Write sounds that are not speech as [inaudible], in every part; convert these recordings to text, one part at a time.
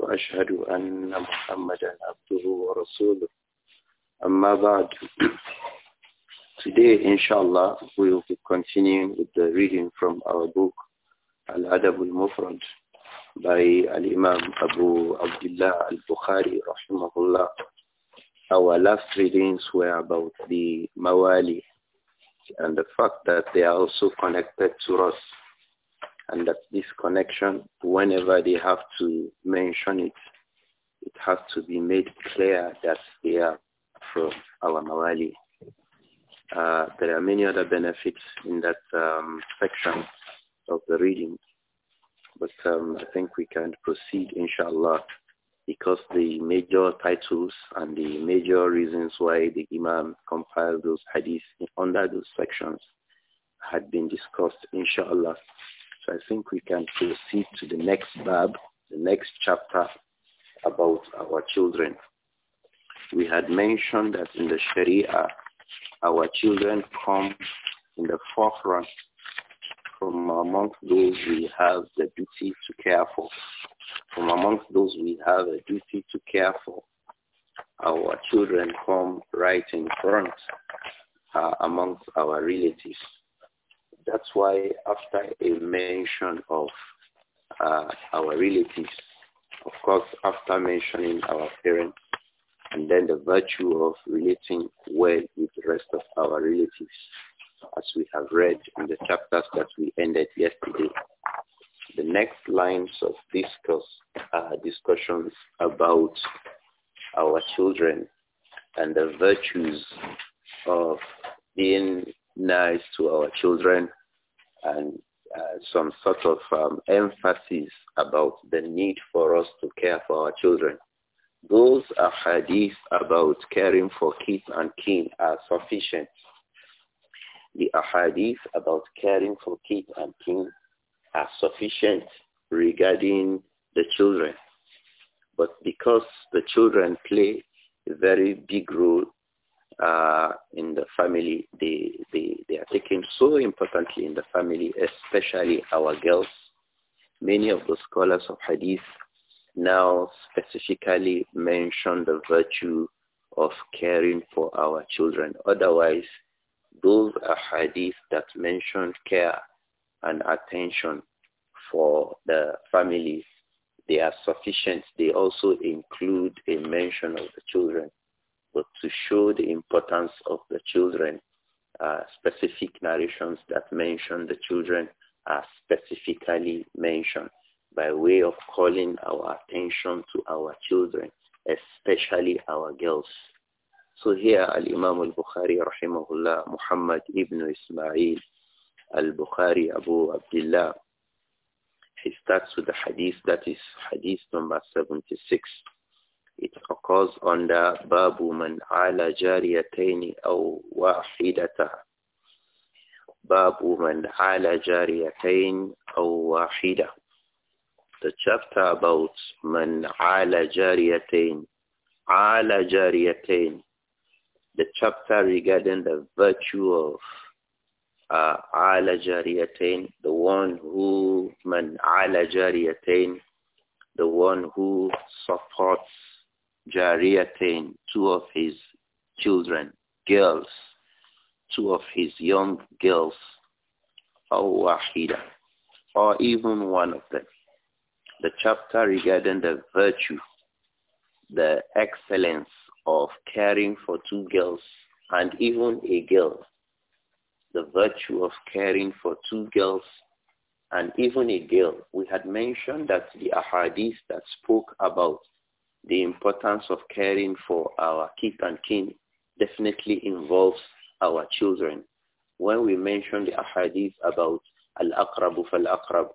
وأشهد أن محمدا عبده ورسوله أما بعد Today, inshallah, we will be continuing with the reading from our book, Al-Adab al-Mufrad, by Al-Imam Abu Abdullah al-Bukhari, rahimahullah. Our last readings were about the Mawali and the fact that they are also connected to us and that this connection, whenever they have to mention it, it has to be made clear that they are from our Mawali. Uh, there are many other benefits in that um, section of the reading, but um, I think we can proceed, inshallah, because the major titles and the major reasons why the Imam compiled those hadiths under those sections had been discussed, inshallah. So I think we can proceed to the next bab, the next chapter about our children. We had mentioned that in the Sharia, our children come in the forefront from amongst those we have the duty to care for. From amongst those we have a duty to care for. Our children come right in front uh, amongst our relatives. That's why after a mention of uh, our relatives, of course, after mentioning our parents, and then the virtue of relating well with the rest of our relatives, as we have read in the chapters that we ended yesterday. The next lines of discuss uh, discussions about our children and the virtues of being nice to our children and uh, some sort of um, emphasis about the need for us to care for our children. Those hadiths about caring for kids and kin are sufficient. The hadiths about caring for kids and kin are sufficient regarding the children. But because the children play a very big role uh, in the family, they, they, they are taken so importantly in the family, especially our girls. Many of the scholars of hadith now specifically mention the virtue of caring for our children. Otherwise, those are hadith that mention care and attention for the families. They are sufficient. They also include a mention of the children but to show the importance of the children, uh, specific narrations that mention the children are specifically mentioned by way of calling our attention to our children, especially our girls. So here Al-Imam al-Bukhari rahimahullah, Muhammad ibn Ismail al-Bukhari Abu Abdullah, he starts with the hadith that is hadith number 76. It occurs under Babu Man ala jariyataini aw wahidataha. Babu Man ala jariyatain aw wahida. The chapter about Man ala jariyatain. Ala jariyatain. The chapter regarding the virtue of uh, ala jariyatain, the one who man ala jariyatain, the one who supports Jariatin, two of his children, girls, two of his young girls, or wahida, or even one of them. The chapter regarding the virtue, the excellence of caring for two girls and even a girl. The virtue of caring for two girls and even a girl. We had mentioned that the ahadith that spoke about the importance of caring for our kith and kin definitely involves our children. When we mention the ahadith about al-aqrabu fal-aqrab,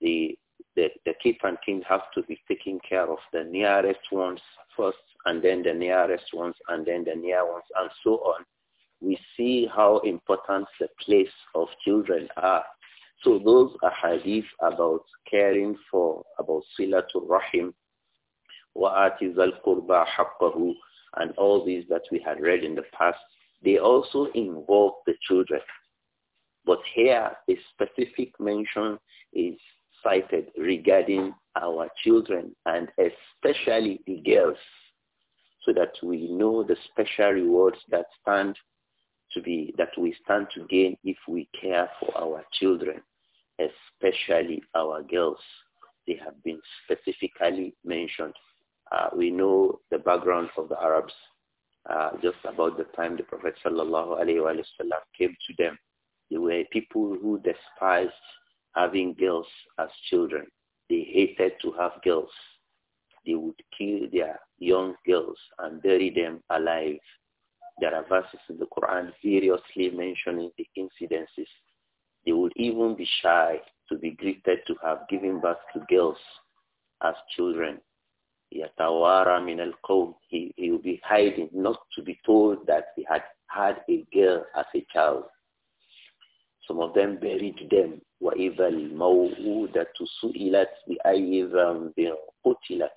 the, the, the kith and kin have to be taken care of, the nearest ones first, and then the nearest ones, and then the near ones, and so on. We see how important the place of children are. So those ahadith about caring for, about silatul rahim, وَآتِ ذَا الْقُرْبَى حَقَّهُ and all these that we had read in the past, they also involve the children. But here, a specific mention is cited regarding our children and especially the girls so that we know the special rewards that stand to be, that we stand to gain if we care for our children, especially our girls. They have been specifically mentioned uh, we know the background of the Arabs uh, just about the time the Prophet sallallahu alaihi wasallam came to them. They were people who despised having girls as children. They hated to have girls. They would kill their young girls and bury them alive. There are verses in the Quran seriously mentioning the incidences. They would even be shy to be greeted to have given birth to girls as children Yatawara min al He he will be hiding, not to be told that he had had a girl as a child. Some of them buried them. وَإِذَا الْمَوْءُودَةُ bi بِأَيِّ ذَنْبٍ قُتِلَتْ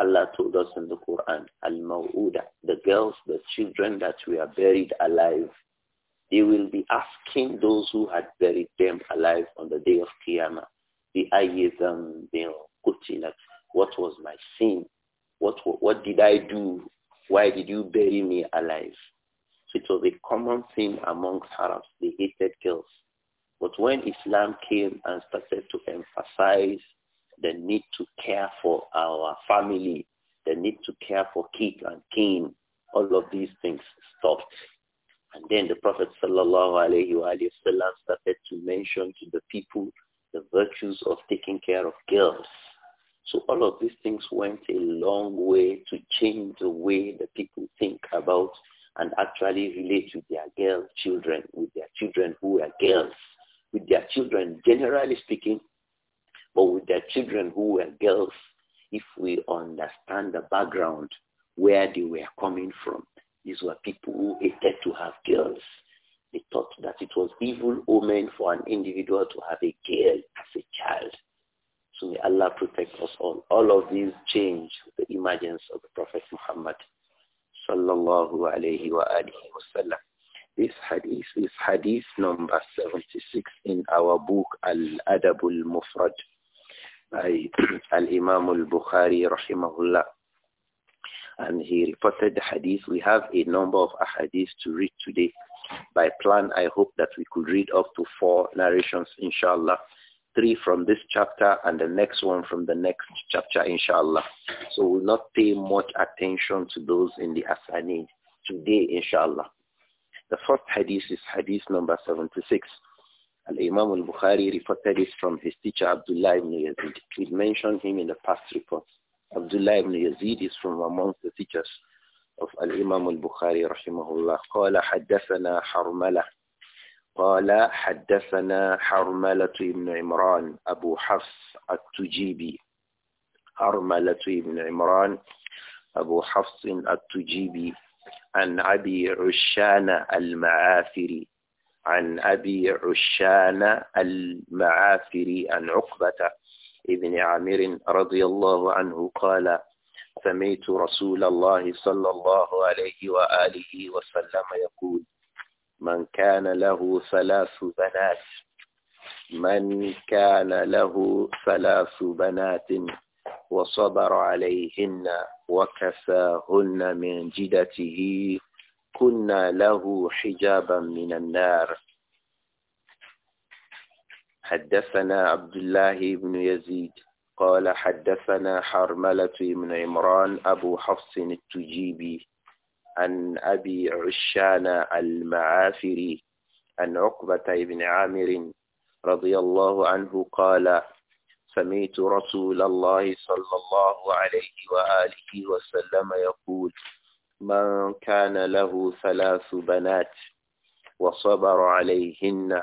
Allah told us in the Quran, Al-Maw'uda, the girls, the children that were buried alive, they will be asking those who had buried them alive on the day of Qiyamah, بِأَيِّ ذَنْبٍ قُتِلَتْ what was my sin? What, what did I do? Why did you bury me alive? So it was a common thing amongst Arabs. They hated girls. But when Islam came and started to emphasize the need to care for our family, the need to care for kids and kin, all of these things stopped. And then the Prophet sallallahu started to mention to the people the virtues of taking care of girls so all of these things went a long way to change the way that people think about and actually relate with their girl children, with their children who are girls, with their children generally speaking, but with their children who were girls, if we understand the background where they were coming from. These were people who hated to have girls. They thought that it was evil omen for an individual to have a girl as a child may Allah protect us all. All of these change the emergence of the Prophet Muhammad sallallahu alayhi wa wasallam. This hadith is hadith number 76 in our book Al-Adabul Mufrad by [clears throat] Al-Imam Al-Bukhari rahimahullah. And he reported the hadith. We have a number of hadiths to read today. By plan, I hope that we could read up to four narrations, inshallah three from this chapter and the next one from the next chapter, inshallah. So we'll not pay much attention to those in the Asani today, inshallah. The first hadith is hadith number 76. Al-Imam al-Bukhari reported it from his teacher Abdullah ibn Yazid. We mentioned him in the past reports. Abdullah ibn Yazid is from amongst the teachers of Al-Imam al-Bukhari rahimahullah. قال حدثنا حرملة قال حدثنا حرملة بن عمران أبو حفص التجيبي حرملة بن عمران أبو حفص التجيبي عن أبي عشان المعافري عن أبي عشان المعافري عن عقبة ابن عامر رضي الله عنه قال سمعت رسول الله صلى الله عليه وآله وسلم يقول من كان له ثلاث بنات من كان له ثلاث بنات وصبر عليهن وكفاهن من جدته كنا له حجابا من النار حدثنا عبد الله بن يزيد قال حدثنا حرملة بن عمران أبو حفص التجيبي عن أبي عشان المعافري عن عقبة بن عامر رضي الله عنه قال سميت رسول الله صلى الله عليه وآله وسلم يقول من كان له ثلاث بنات وصبر عليهن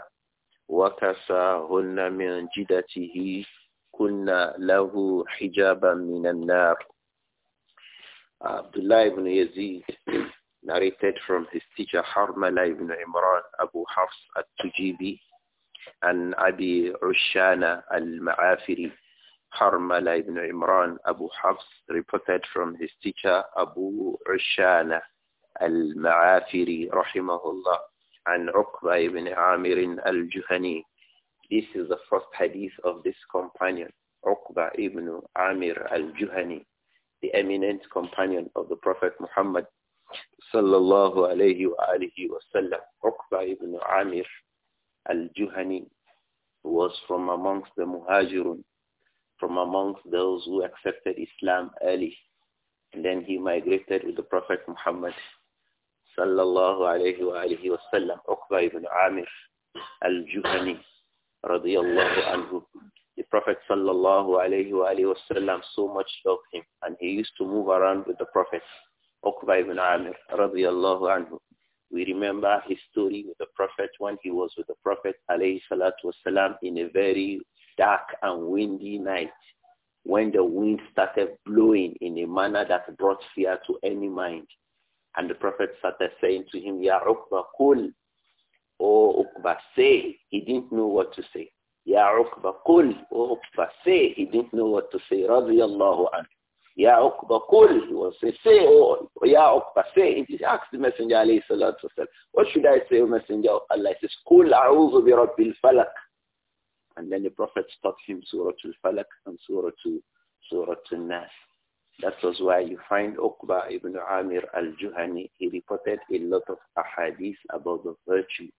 وكساهن من جدته كنا له حجابا من النار Abdullah ibn Yazid [clears throat] narrated from his teacher Harmala ibn Imran Abu Hafs al-Tujibi and Abi Ushana al-Ma'afiri. Harmala ibn Imran Abu Hafs reported from his teacher Abu Ushana al-Ma'afiri rahimahullah and Uqba ibn Amir al-Juhani. This is the first hadith of this companion, Uqba ibn Amir al-Juhani the eminent companion of the Prophet Muhammad sallallahu alayhi wa alihi wasallam, Uqba ibn Amir al-Juhani, was from amongst the Muhajirun, from amongst those who accepted Islam early. And then he migrated with the Prophet Muhammad sallallahu alayhi wa alihi wasallam, Uqba ibn Amir al-Juhani radiyallahu anhu. The Prophet sallallahu alayhi wasallam so much loved him and he used to move around with the Prophet. Uqba ibn Amir radiallahu anhu. We remember his story with the Prophet when he was with the Prophet alayhi salatu wasalam in a very dark and windy night when the wind started blowing in a manner that brought fear to any mind. And the Prophet started saying to him, Ya Uqba, kul, O oh, Uqba, say. He didn't know what to say. Ya Uqba, qul, O Uqba, say, he didn't know what to say, radiyallahu anhu. Ya Uqba, qul, he was say, say, Oh, Ya Uqba, say, he asked the Messenger, alayhi salatu wasalam, what should I say, O Messenger of Allah? He says, qul, a'udhu bi rabbil falak. And then the Prophet taught him Surah Al-Falak and Surah Surah Al-Nas. That was why you find Uqba ibn Amir al-Juhani, he reported a lot of ahadith about the virtue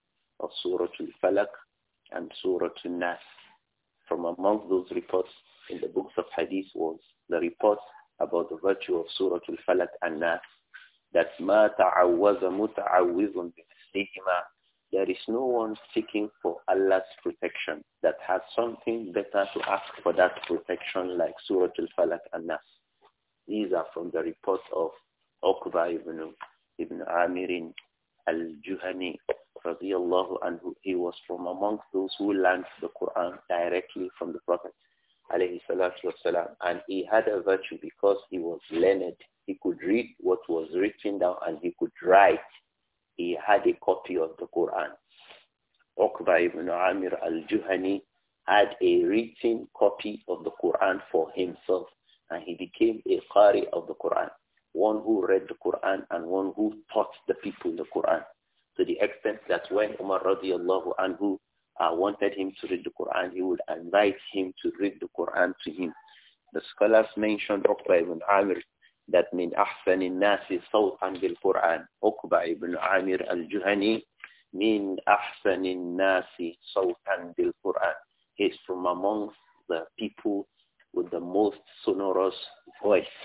of Surah Al-Falak and Surah An-Nas. From among those reports in the books of Hadith was the report about the virtue of Surah Al-Falaq and Nas that ma ta'awwaza muta'awwizun bimithlihima there is no one seeking for Allah's protection that has something better to ask for that protection like Surah Al-Falaq and Nas. These are from the reports of Uqba ibn, ibn Amirin al-Juhani radiallahu anhu, he was from amongst those who learned the Quran directly from the Prophet alayhi salatu wasalam. And he had a virtue because he was learned. He could read what was written down and he could write. He had a copy of the Quran. Uqba ibn Amir al-Juhani had a written copy of the Quran for himself and he became a Qari of the Quran, one who read the Quran and one who taught the people the Quran to the extent that when Umar radiallahu anhu uh, wanted him to read the Quran, he would invite him to read the Quran to him. The scholars mentioned Uqba ibn Amir that min أحسن الناس صوتا بالقرآن عقبة ibn Amir al-Juhani min أحسن الناس صوتا بالقرآن He's from amongst the people with the most sonorous voice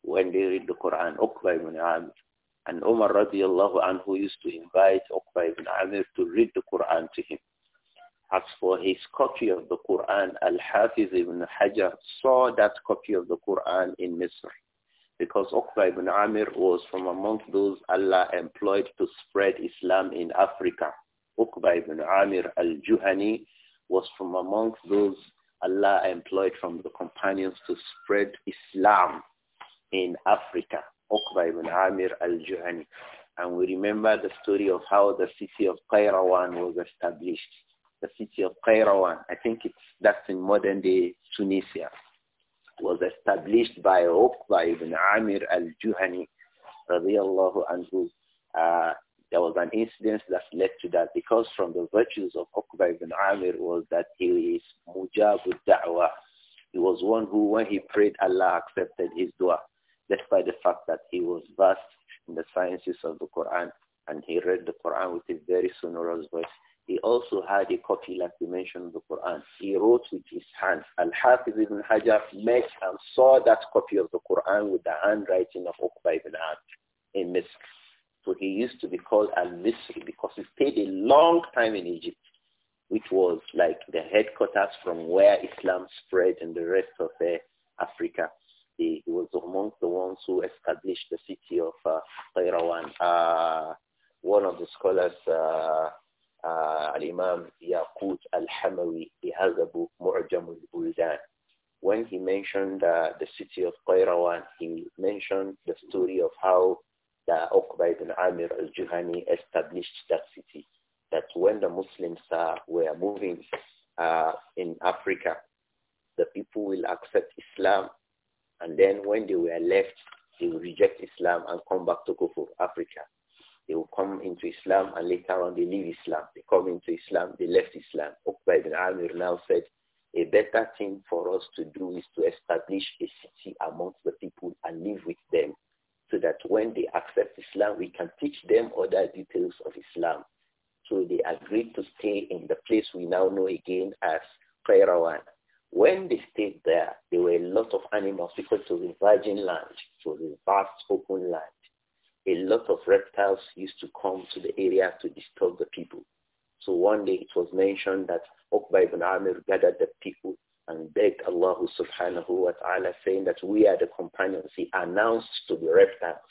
when they read the Quran. Uqba ibn Amir and Umar radiallahu anhu used to invite Uqbah ibn Amir to read the Quran to him. As for his copy of the Quran, Al-Hafiz ibn Hajar saw that copy of the Quran in Misr because Uqbah ibn Amir was from amongst those Allah employed to spread Islam in Africa. Uqbah ibn Amir al-Juhani was from amongst those Allah employed from the companions to spread Islam in Africa. Uqba ibn Amir al-Juhani. And we remember the story of how the city of Qayrawan was established. The city of Qayrawan, I think it's, that's in modern-day Tunisia, was established by Uqba ibn Amir al-Juhani, radiallahu anhu. Uh, there was an incident that led to that because from the virtues of Uqba ibn Amir was that he is mujabud da'wah. He was one who, when he prayed, Allah accepted his dua despite the fact that he was versed in the sciences of the Quran and he read the Quran with a very sonorous voice. He also had a copy, like we mentioned, the Quran. He wrote with his hands. Al-Hafiz ibn Hajar met and saw that copy of the Quran with the handwriting of Uqba ibn Abd in Misr. So he used to be called Al-Misri because he stayed a long time in Egypt, which was like the headquarters from where Islam spread in the rest of uh, Africa he was amongst the ones who established the city of uh, Qayrawan. Uh, one of the scholars, uh, uh, Al-Imam Yaqut Al-Hamawi, he has a book, Mu'jam al-Buldan. When he mentioned uh, the city of Qayrawan, he mentioned the story of how the Uqba ibn Amir al-Juhani established that city. That when the Muslims uh, were moving uh, in Africa, the people will accept Islam and then when they were left, they would reject Islam and come back to Kufur, Africa. They would come into Islam and later on they leave Islam. They come into Islam, they left Islam. Uqba ibn Amir now said, a better thing for us to do is to establish a city amongst the people and live with them so that when they accept Islam, we can teach them other details of Islam. So they agreed to stay in the place we now know again as Qayrawan. When they stayed there, there were a lot of animals because it was a virgin land. It was a vast open land. A lot of reptiles used to come to the area to disturb the people. So one day it was mentioned that Uqba ibn Amir gathered the people and begged Allah subhanahu wa ta'ala saying that we are the companions. He announced to the reptiles,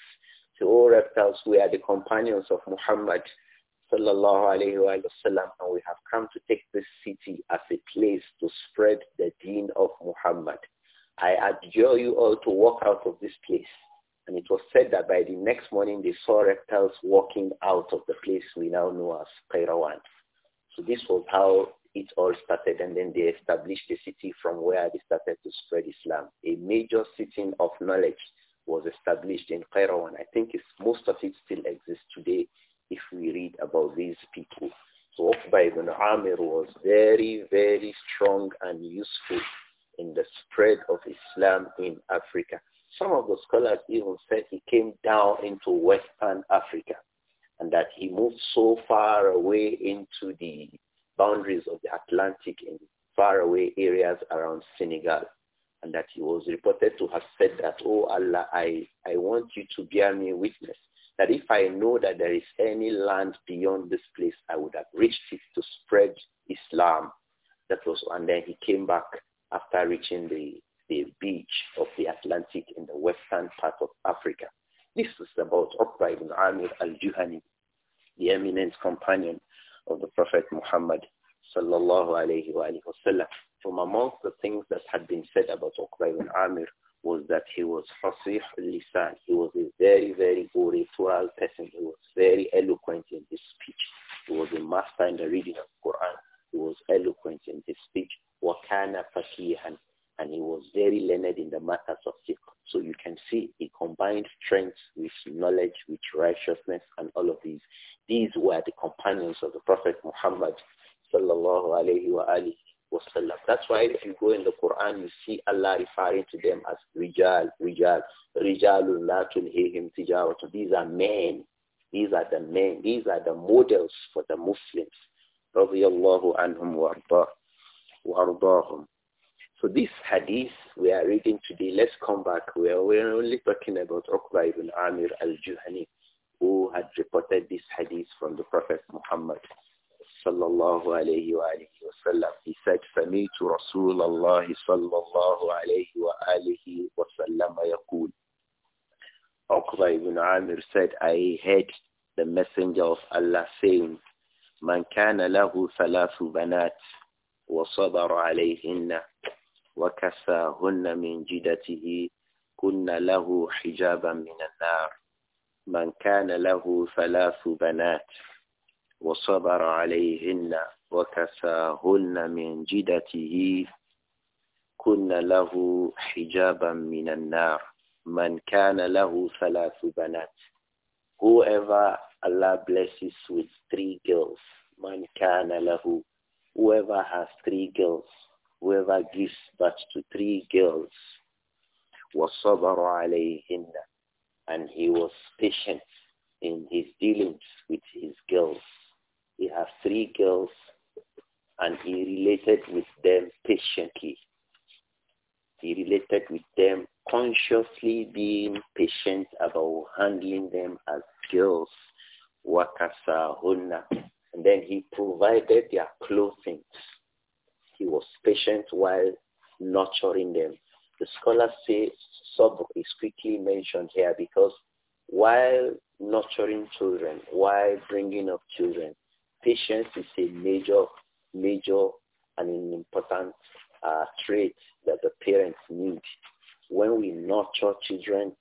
to all reptiles, we are the companions of Muhammad sallallahu alayhi wa sallam, and we have come to take this city as a place to spread the deen of Muhammad. I adjure you all to walk out of this place. And it was said that by the next morning they saw reptiles walking out of the place we now know as Qayrawan. So this was how it all started and then they established the city from where they started to spread Islam. A major city of knowledge was established in Qayrawan. I think most of it still exists today if we read about these people. So Uqba ibn Amir was very, very strong and useful in the spread of Islam in Africa. Some of the scholars even said he came down into Western Africa and that he moved so far away into the boundaries of the Atlantic in faraway areas around Senegal and that he was reported to have said that, oh Allah, I, I want you to bear me witness that if I know that there is any land beyond this place, I would have reached it to spread Islam. That was, and then he came back after reaching the, the beach of the Atlantic in the western part of Africa. This is about uprising Amir al-Juhani, the eminent companion of the Prophet Muhammad sallallahu alayhi wa, alayhi wa From amongst the things that had been said about Uqba ibn Amir was that he was fasih lisan. He was a very, very oratorial person. He was very eloquent in his speech. He was a master in the reading of Quran. He was eloquent in his speech. Wakana fasihan, And he was very learned in the matters of fiqh. So you can see he combined strength with knowledge, with righteousness, and all of these. These were the companions of the Prophet Muhammad sallallahu alayhi wa alihi wasallam. That's why if you go in the Quran, you see Allah referring to them as rijal, rijal, rijalul la tulhihim tijaratun. These are men. These are the men. These are the models for the Muslims. Radiallahu anhum wa So this hadith we are reading today, let's come back. We are, we are only talking about Uqba ibn Amir al-Juhani who had reported this hadith from the Prophet Muhammad صلى الله عليه وآله وسلم. He said, فَمِيتُ رَسُولَ اللَّهِ صلى الله عليه وآله وسلم يقول Uqba بن عامر said, I heard the messenger of Allah saying, من كان له ثلاث بنات وصبر عليهن وكساهن من جدته كن له حجابا من النار من كان له ثلاث بنات وصبر عليهن وكساهن من جدته كن له حجابا من النار من كان له ثلاث بنات whoever Allah blesses with three girls man kana lahu whoever has three girls whoever gives birth to three girls وصبر عليهن and he was patient in his dealings with his girls he has three girls and he related with them patiently. He related with them consciously being patient about handling them as girls. huna, And then he provided their clothing. He was patient while nurturing them. The scholars say Sobuk is quickly mentioned here because while nurturing children, while bringing up children, patience is a major, major and an important uh, trait that the parents need. When we nurture children,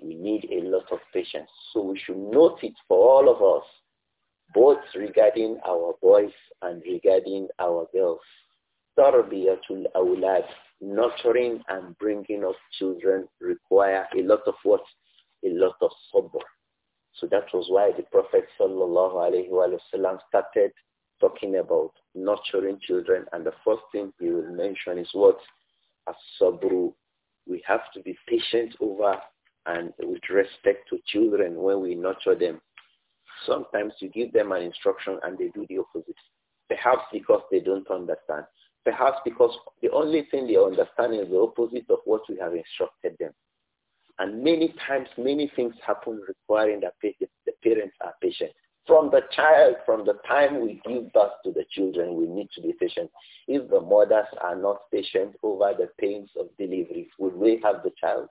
we need a lot of patience. So we should note it for all of us, both regarding our boys and regarding our girls. Tarbiyatul awlad, nurturing and bringing up children require a lot of what? A lot of support. So that was why the Prophet wasallam started talking about nurturing children. And the first thing he will mention is what? As-sabru. We have to be patient over and with respect to children when we nurture them. Sometimes you give them an instruction and they do the opposite. Perhaps because they don't understand. Perhaps because the only thing they understand is the opposite of what we have instructed them. And many times, many things happen requiring that the parents are patient. From the child, from the time we give birth to the children, we need to be patient. If the mothers are not patient over the pains of delivery, will we have the child?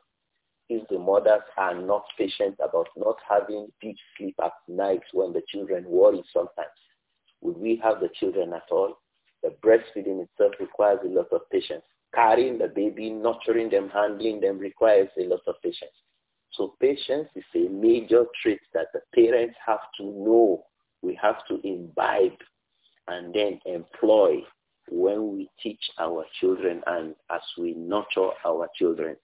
If the mothers are not patient about not having deep sleep at night when the children worry sometimes, would we have the children at all? The breastfeeding itself requires a lot of patience carrying the baby, nurturing them, handling them requires a lot of patience. So patience is a major trait that the parents have to know. We have to imbibe and then employ when we teach our children and as we nurture our children.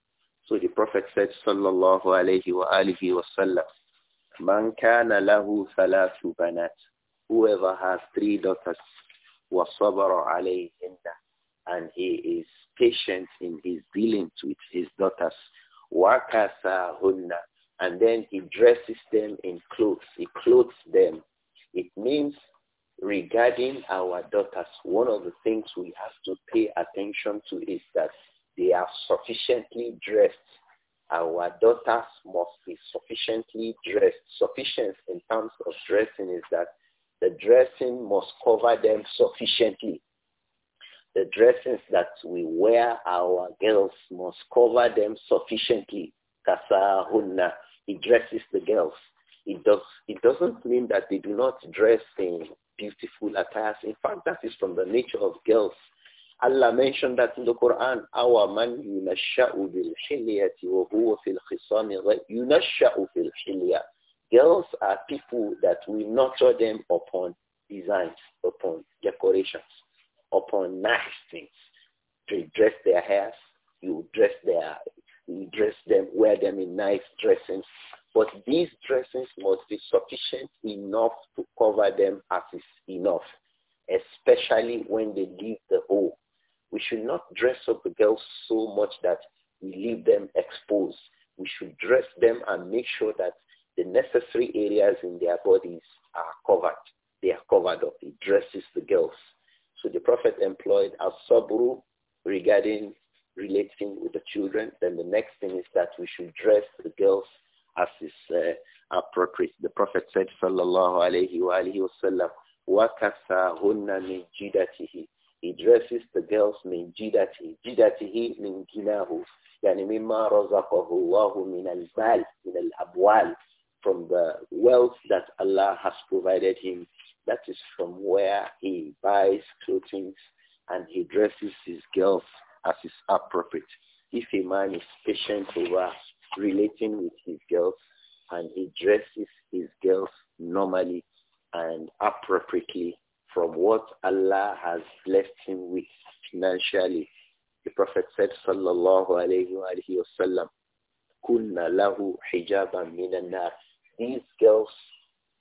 So the Prophet said, Sallallahu alayhi wa alihi wa sallam, Man kana lahu thalathu banat, whoever has three daughters, wa sabara alayhinna, and he is patient in his dealings with his daughters. Wakasahunna. And then he dresses them in clothes. He clothes them. It means regarding our daughters, one of the things we have to pay attention to is that they are sufficiently dressed. Our daughters must be sufficiently dressed. Sufficient in terms of dressing is that the dressing must cover them sufficiently. The dresses that we wear our girls must cover them sufficiently. Kasahunna. he dresses the girls. It does it doesn't mean that they do not dress in beautiful attires. In fact, that is from the nature of girls. Allah mentioned that in the Quran, our man yunasha'u bil hilyati wa huwa fil khisami yunasha'u fil hilya. Girls are people that we nurture them upon designs, upon decorations upon nice things. To dress their hairs, you dress their, you dress them, wear them in nice dressings. But these dressings must be sufficient enough to cover them as is enough, especially when they leave the home. We should not dress up the girls so much that we leave them exposed. We should dress them and make sure that the necessary areas in their bodies are covered. They are covered up. It dresses the girls. So the Prophet employed a sabru regarding relating with the children. Then the next thing is that we should dress the girls as is uh, appropriate. The Prophet said, sallallahu alayhi wa alayhi wa sallam, وَكَسَهُنَّ مِنْ He dresses the girls min جِدَتِهِ جِدَتِهِ min جِنَاهُ يعني مما رزقه الله من المال من الأبوال from the wealth that Allah has provided him that is from where he buys clothing and he dresses his girls as is appropriate. If a man is patient over relating with his girls and he dresses his girls normally and appropriately from what Allah has blessed him with financially. The Prophet said, Sallallahu alayhi wasallam." Kunna lahu These girls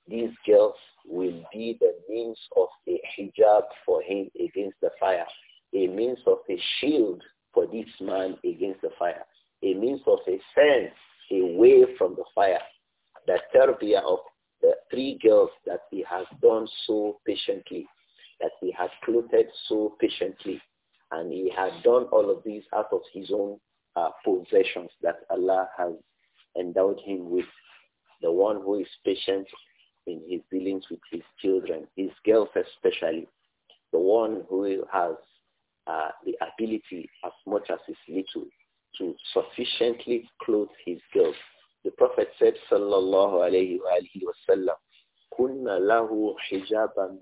these girls will be the means of a hijab for him against the fire, a means of a shield for this man against the fire, a means of a fence away from the fire. The therapy of the three girls that he has done so patiently, that he has clothed so patiently, and he has done all of these out of his own uh, possessions that Allah has endowed him with the one who is patient in his dealings with his children, his girls especially, the one who has uh, the ability as much as is little to sufficiently clothe his girls. The Prophet said, Sallallahu alayhi wa sallam, Kunna lahu hijaban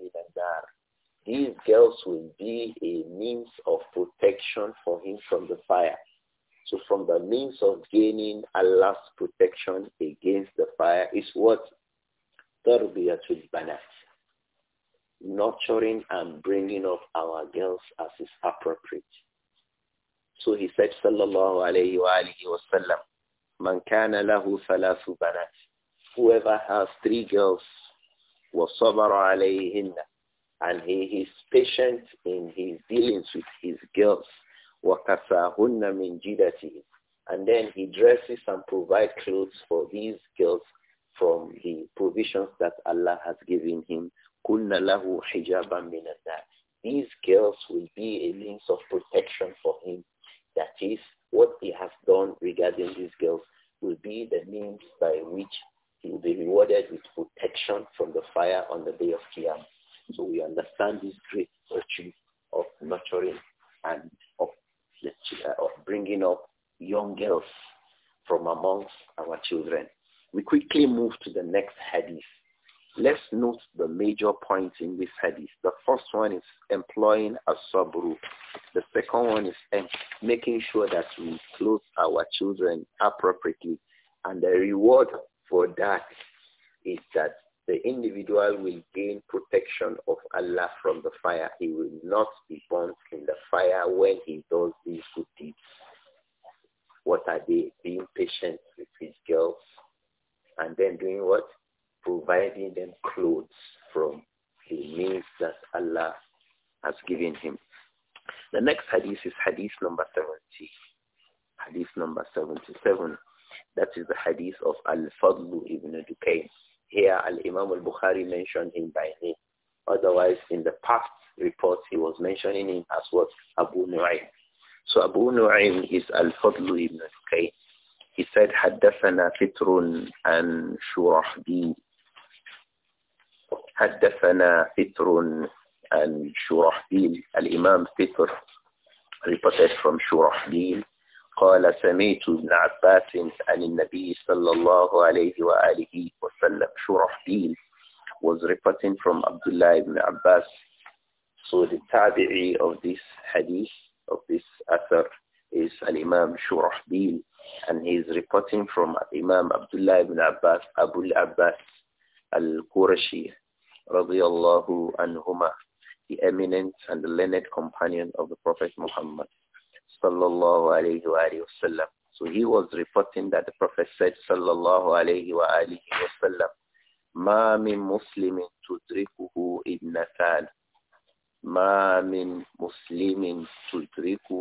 These girls will be a means of protection for him from the fire. So from the means of gaining Allah's protection against the fire is what? tarbiyatul banat, nurturing and bringing up our girls as is appropriate. So he said, sallallahu alayhi wa alihi wa sallam, man kana lahu thalathu banat, whoever has three girls, وصبر عليهن, and he is patient in his dealings with his girls, وكساهن من جدته, and then he dresses and provides clothes for these girls from the provisions that Allah has given him. These girls will be a means of protection for him. That is, what he has done regarding these girls will be the means by which he will be rewarded with protection from the fire on the day of Qiyam. So we understand this great virtue of nurturing and of, uh, of bringing up young girls from amongst our children. We quickly move to the next hadith. Let's note the major points in this hadith. The first one is employing a sabru. The second one is making sure that we clothe our children appropriately. And the reward for that is that the individual will gain protection of Allah from the fire. He will not be burnt in the fire when he does these good deeds. What are they? Being patient with his girls, and then doing what? Providing them clothes from the means that Allah has given him. The next hadith is hadith number 70. Hadith number 77. That is the hadith of Al-Fadl ibn Dukayn. Here Al-Imam al-Bukhari mentioned him by name. Otherwise, in the past reports, he was mentioning him as what? Abu Nu'aym. So Abu Nu'aym is Al-Fadl ibn Dukayn. He said, حدثنا فتر عن شرحبي حدثنا فتر عن شرحبيل الإمام فتر reported from شرحبيل قال سمعت ابن عباس عن النبي صلى الله عليه وآله وسلم شرحبيل was reporting from Abdullah ibn Abbas so the tabi'i of this hadith of this author is al-Imam Shurahbil and he is reporting from Imam Abdullah ibn Abbas, Abu Abbas al-Qurashi, radiyallahu anhuma, the eminent and the learned companion of the Prophet Muhammad, sallallahu alayhi wa sallam. So he was reporting that the Prophet said, sallallahu alayhi wa alihi wa sallam, ما من مسلم تدركه ابنتان ما من مسلم تدركه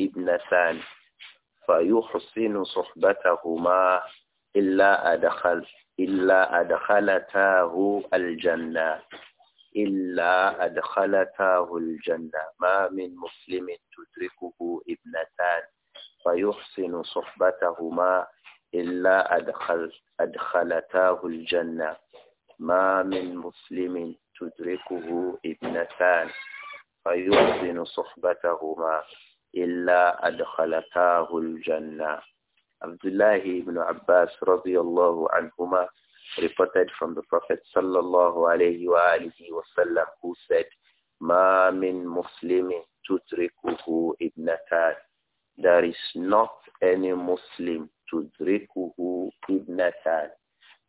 ابنتان فيحسن صحبتهما إلا أدخل إلا أدخلتاه الجنة إلا أدخلتاه الجنة ما من مسلم تدركه ابنتان فيحسن صحبتهما إلا أدخل أدخلتاه الجنة ما من مسلم تدركه ابنتان فيحسن صحبتهما إلا أدخلتاه الجنة Abdullah ibn Abbas الله عنهما reported from the Prophet صلى الله عليه وآله وسلم who said, "مَا مِنْ مُسْلِمٍ tutrikuhu ibnatan. There is not any Muslim tudrikuhu ibnatan.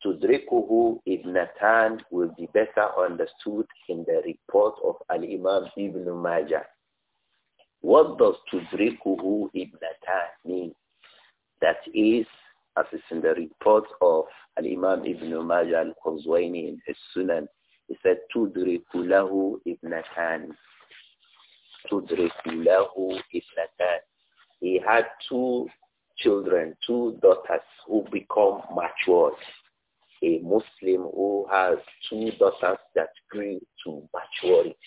Tudrikuhu ibnatan will be better understood in the report of Al-Imam Ibn Majah. What does tudrikuhu ibnatan mean? That is, as is in the report of Al-Imam Ibn Majah al-Khuzwaini in his Sunan, he said, tudriku lahu ibnatan. Tudriku lahu ibnatan. He had two children, two daughters who become matured. A Muslim who has two daughters that grew to maturity.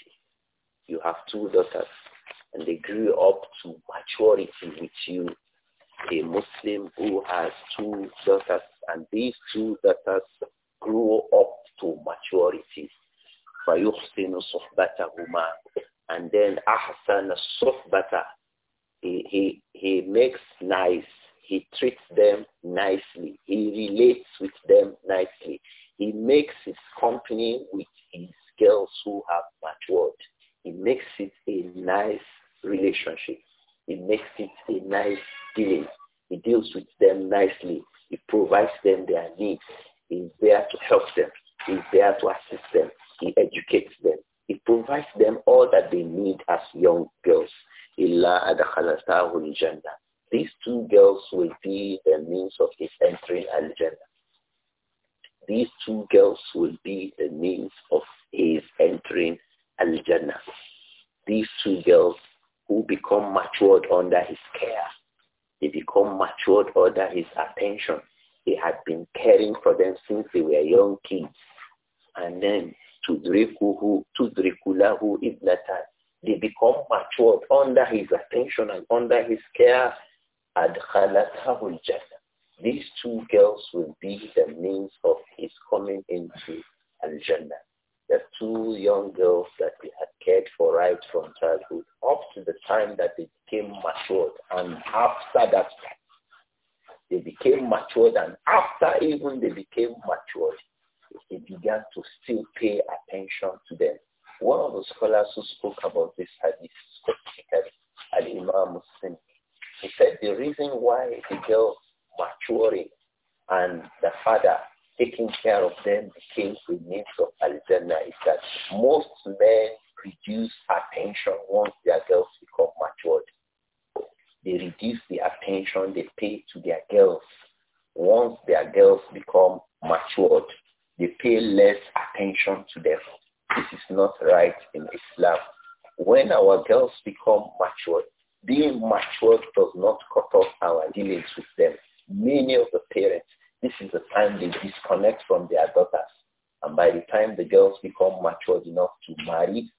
You have two daughters and they grew up to maturity with you, a Muslim who has two daughters, and these two daughters grew up to maturity. فَيُحْسِنُ صُحْبَتَهُمَا And then أَحْسَنَ الصُّحْبَةَ he, he, he makes nice. He treats them nicely. He relates with them nicely. He makes his company with his girls who have matured. He makes it a nice relationship. He makes it a nice deal. He deals with them nicely. He provides them their needs. He's there to help them. He's there to assist them. He educates them. He provides them all that they need as young girls. These two girls will be the means of his entering Al-Jannah. These two girls will be the means of his entering Al-Jannah. These two girls who become matured under his care. They become matured under his attention. He had been caring for them since they were young kids. And then tudrikuhu, tudrikulahu ibnatan. They become matured under his attention and under his care. Adkhalatahu jannah. These two girls will be the means of his coming into al-jannah the two young girls that we had cared for right from childhood up to the time that they became matured. And after that they became matured. And after even they became matured, they began to still pay attention to them. One of the scholars who spoke about this hadith specifically, Al-Imam Muslim, he said the reason why the girls maturing and the father taking care of them became a means of Alexander is that most men reduce attention once their girls become matured. They reduce the attention they pay to their girls. Once their girls become matured, they pay less attention to them. This is not right in Islam. When our girls become matured, being matured does not cut off our dealings with them. Many of the parents this is the time they disconnect from their daughters. And by the time the girls become mature enough to marry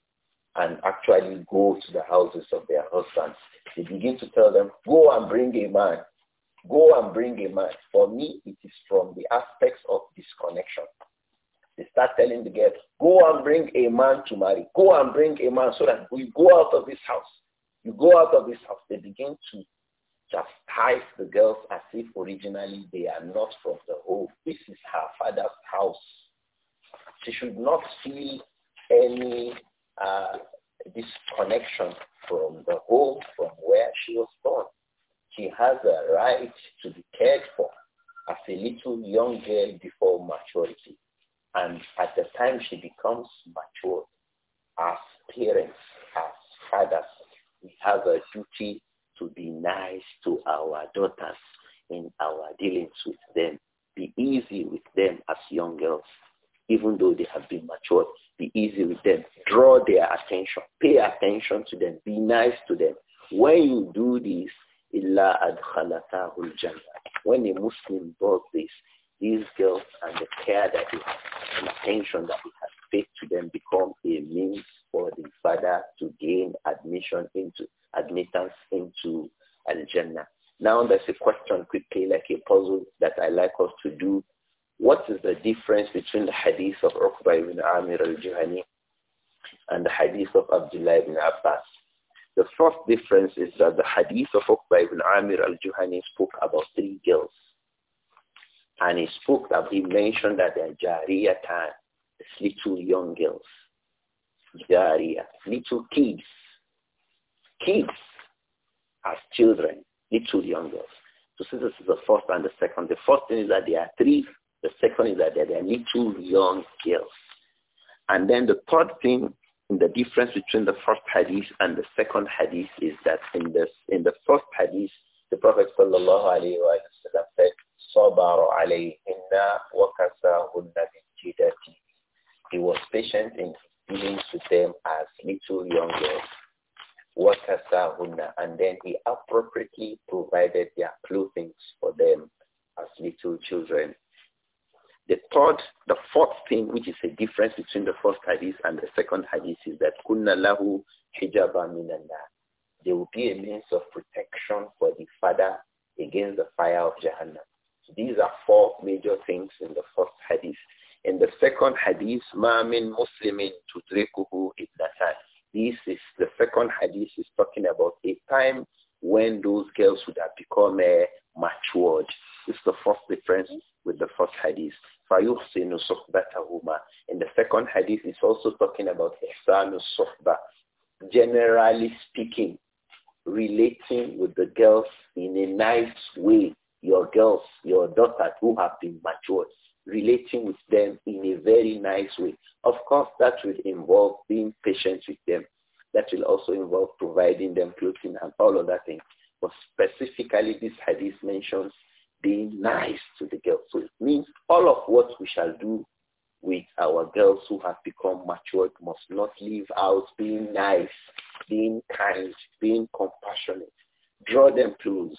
and actually go to the houses of their husbands, they begin to tell them, go and bring a man. Go and bring a man. For me, it is from the aspects of disconnection. They start telling the girls, go and bring a man to marry. Go and bring a man so that we go out of this house. You go out of this house. They begin to chastise the girls as if originally they are not from the home. This is her father's house. She should not feel any uh, disconnection from the home from where she was born. She has a right to be cared for as a little young girl before maturity. And at the time she becomes mature, as parents, as fathers, we have a duty to be nice to our daughters in our dealings with them. Be easy with them as young girls, even though they have been matured. Be easy with them. Draw their attention. Pay attention to them. Be nice to them. When you do this, When a Muslim does this, these girls and the care that you have and attention that hadith of Uqba ibn Amir al-Juhani spoke about three girls. And he spoke that he mentioned that they are jariyatan, little young girls. Jariya, little kids. Kids as children, little young girls. So since this is the first and the second, the first thing is that there are three. The second is that there are little young girls. And then the third thing difference between the first hadith and the second hadith is that in the, in the first hadith, the Prophet sallallahu alayhi wa sallam said, صَبَرُ عَلَيْهِنَّ وَكَسَاهُنَّ He was patient in dealing with them as little young girls. وَكَسَاهُنَّ And then he appropriately provided their clothing for them as little children. The third, the fourth thing, which is a difference between lahu hijaban minan They will be a means of protection for the father against the fire of Jahannam. So these are four major things in the first hadith. In the second hadith, ma min muslimin tudrikuhu This is the second hadith is talking about a time when those girls would have become uh, Lisan Generally speaking, relating with the girls in a nice way, your girls, your daughters who have been matured, relating with them in a very nice way. Of course, that will involve being patient with them. That will also involve providing them clothing and all other things. But specifically, this hadith mentions being nice to the girls. So it means all of what we shall do with our girls who have become matured must not leave out being nice, being kind, being compassionate. Draw them close.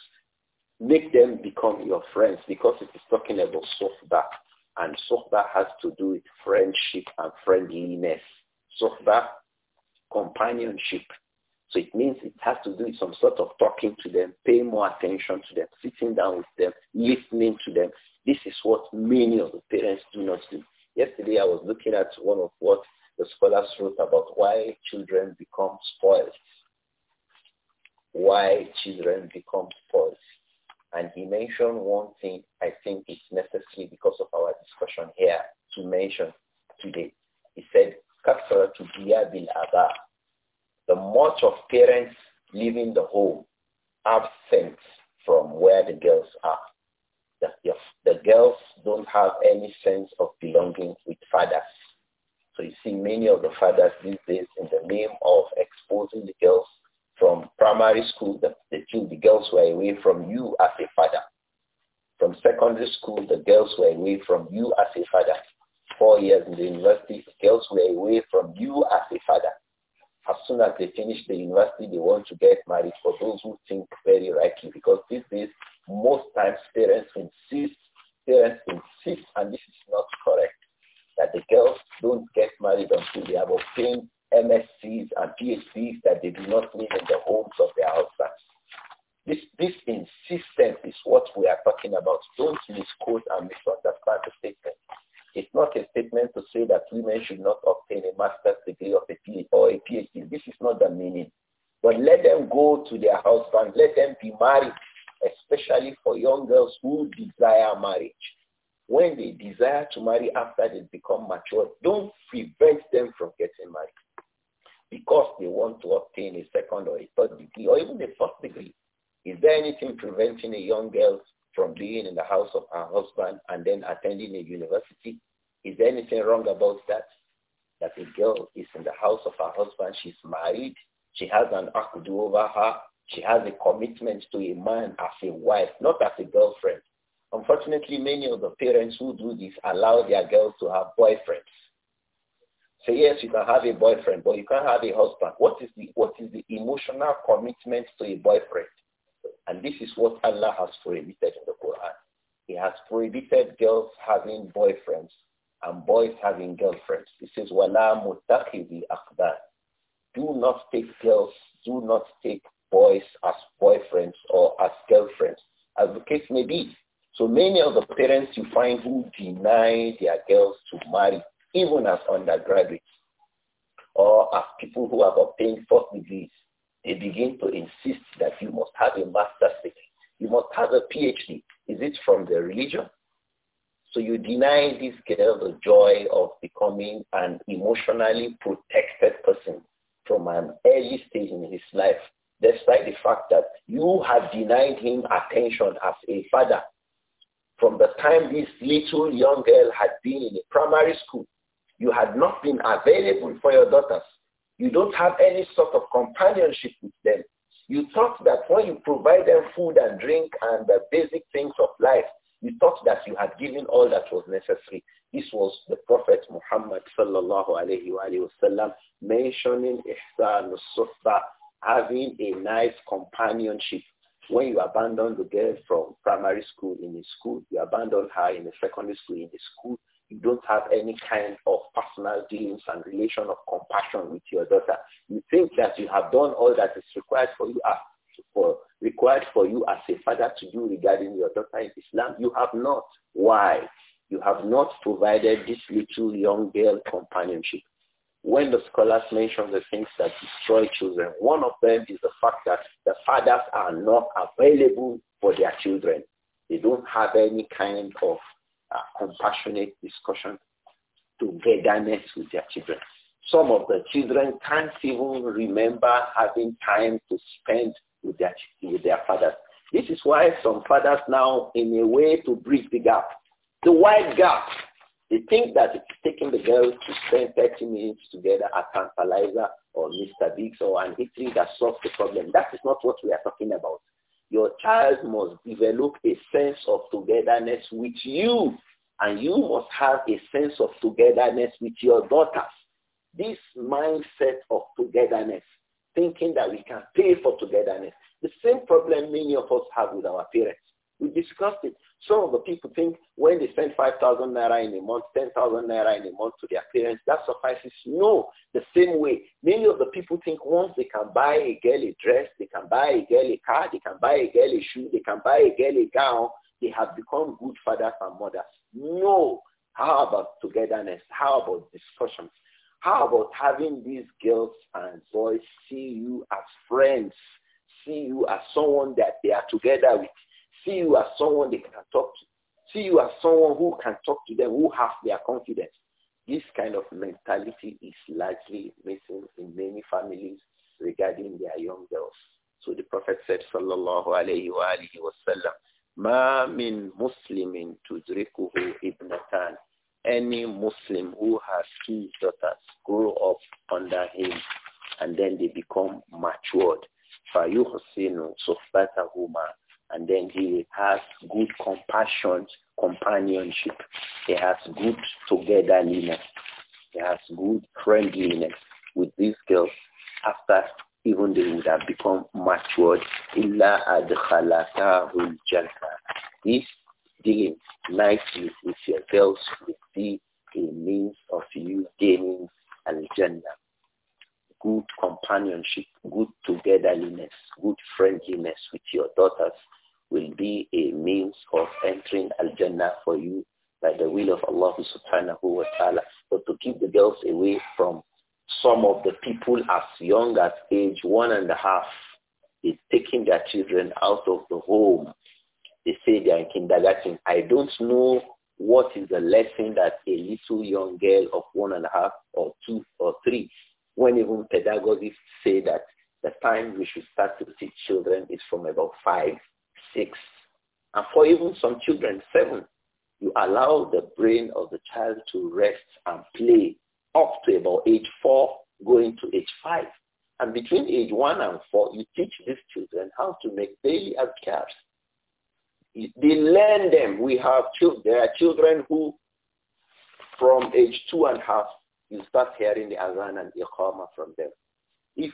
Make them become your friends because it is talking about sohbah. And sohbah has to do with friendship and friendliness. Sohbah, companionship. So it means it has to do with some sort of talking to them, paying more attention to them, sitting down with them, listening to them. This is what many of the parents do not do. Yesterday I was looking at one of what the scholars wrote about why children become spoiled. Why children become spoiled. And he mentioned one thing I think it's necessary because of our discussion here to mention today. He said, The much of parents leaving the home absent from where the girls are the, the girls don't have any sense of belonging with fathers. So you see many of the fathers these days in the name of exposing the girls from primary school, the, the, the girls were away from you as a father. From secondary school, the girls were away from you as a father. Four years in the university, the girls were away from you as a father. As soon as they finish the university, they want to get married for those who think very rightly because these days most times parents insist, parents insist, and this is not correct, that the girls don't get married until they have obtained MSCs and PhDs that they do not live in the homes of their husbands. This, this insistence is what we are talking about. Don't misquote and misunderstand the statement. It's not a statement to say that women should not obtain a master's degree or a PhD. This is not the meaning. But let them go to their husband. Let them be married young girls who desire marriage. When they desire to marry after they become mature, don't prevent them from getting married because they want to obtain a second or a third degree or even a first degree. Is there anything preventing a young girl from being in the house of her husband and then attending a university? Is there anything wrong about that? That a girl is in the house of her husband, she's married, she has an akudu over her, she has a commitment to a man as a wife, not as a girlfriend. Unfortunately, many of the parents who do this allow their girls to have boyfriends. So yes, you can have a boyfriend, but you can't have a husband. What is the what is the emotional commitment to a boyfriend? And this is what Allah has prohibited in the Quran. He has prohibited girls having boyfriends and boys having girlfriends. He says, Wala akbar. Do not take girls, do not take boys as boyfriends or as girlfriends, as the case may be. So many of the parents you find who deny their girls to marry, even as undergraduates or as people who have obtained first degrees, they begin to insist that you must have a master's degree. You must have a PhD. Is it from the religion? So you deny this girl the joy of becoming an emotionally protected person from an early stage in his life fact that you have denied him attention as a father from the time this little young girl had been in primary school. You had not been available for your daughters. You don't have any sort of companionship with them. You thought that when you provide them food and drink and the basic things of life, you thought that you had given all that was necessary. This was the Prophet Muhammad sallallahu alayhi wa mentioning ihsan al having a nice companionship. When you abandon the girl from primary school in the school, you abandon her in the secondary school in the school, you don't have any kind of personal dealings and relation of compassion with your daughter. You think that you have done all that is required for you as ah, for required for you as a father to do regarding your daughter in Islam. You have not. Why? You have not provided this little young girl companionship when the scholars mention the things that destroy children, one of them is the fact that the fathers are not available for their children. They don't have any kind of uh, compassionate discussion, togetherness with their children. Some of the children can't even remember having time to spend with their, with their fathers. This is why some fathers now, in a way to bridge the gap, the wide gap they think that it's taking the girls to spend 30 minutes together at Tantalizer or Mr. Biggs or an eatery that solves the problem. That is not what we are talking about. Your child must develop a sense of togetherness with you, and you must have a sense of togetherness with your daughters. This mindset of togetherness, thinking that we can pay for togetherness, the same problem many of us have with our parents. We discussed it. Some of the people think when they spend 5,000 naira in a month, 10,000 naira in a month to their parents, that suffices. No, the same way. Many of the people think once they can buy a girl a dress, they can buy a girl a car, they can buy a girl a shoe, they can buy a girl a gown, they have become good fathers and mothers. No. How about togetherness? How about discussions? How about having these girls and boys see you as friends, see you as someone that they are together with? See you as someone they can talk to. See you as someone who can talk to them, who have their confidence. This kind of mentality is largely missing in many families regarding their young girls. So the Prophet said, Sallallahu alayhi wa wa sallam, Ma min muslimin tudrikuhu ibnatan. Any Muslim who has two daughters grow up under him and then they become matured. فَيُحْسِنُ صُحْبَتَهُمَا and then he has good compassion, companionship. He has good togetherness. He has good friendliness with these girls after even they would have become matured. Illa adkhalatahul jannah. This dealing nicely with your girls will be a means of you gaining an agenda. Good companionship, good togetherness, good friendliness with your daughters will be a means of entering Al-Jannah for you by the will of Allah subhanahu wa ta'ala. But to keep the girls away from some of the people as young as age one and a half is taking their children out of the home. They say they are in kindergarten. I don't know what is the lesson that a little young girl of one and a half or two or three, when even pedagogists say that the time we should start to teach children is from about five six, and for even some children, seven, you allow the brain of the child to rest and play up to about age four, going to age five. And between age one and four, you teach these children how to make daily cars. They learn them. We have children. There are children who, from age two and a half, you start hearing the azan and iqama from them. If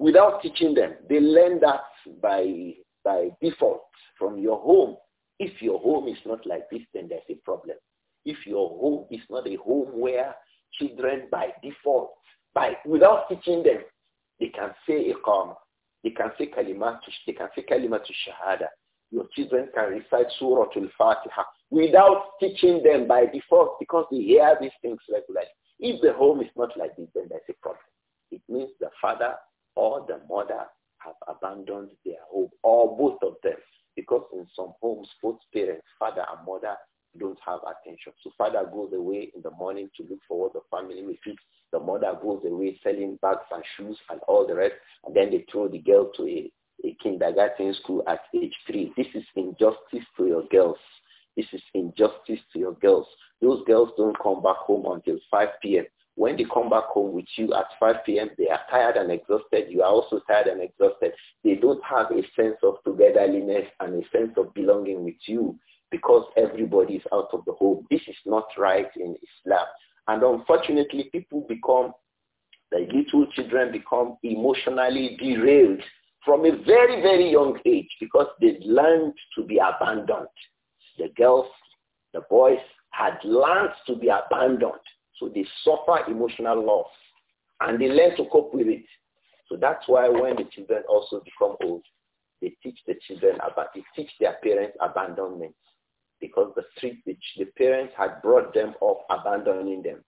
without teaching them, they learn that by by default from your home. If your home is not like this, then there's a problem. If your home is not a home where children by default, by without teaching them, they can say a iqam, they can say kalimat, they can say kalimat shahada. Your children can recite Surah al-Fatiha without teaching them by default because they hear these things regularly. If the home is not like this, then there's a problem. It means the father or the mother have abandoned their home, or both of them, because in some homes, both parents, father and mother, don't have attention. So father goes away in the morning to look for what the family will fix. The mother goes away selling bags and shoes and all the rest, and then they throw the girl to a, a kindergarten school at age three. This is injustice to your girls. This is injustice to your girls. Those girls don't come back home until 5 p.m. When they come back home with you at 5 p.m., they are tired and exhausted. You are also tired and exhausted. They don't have a sense of togetherness and a sense of belonging with you because everybody is out of the home. This is not right in Islam. And unfortunately, people become, the little children become emotionally derailed from a very, very young age because they learned to be abandoned. The girls, the boys had learned to be abandoned. So they suffer emotional loss and they learn to cope with it. So that's why when the children also become old, they teach the children about, they teach their parents abandonment because the, three, the, the parents had brought them up abandoning them.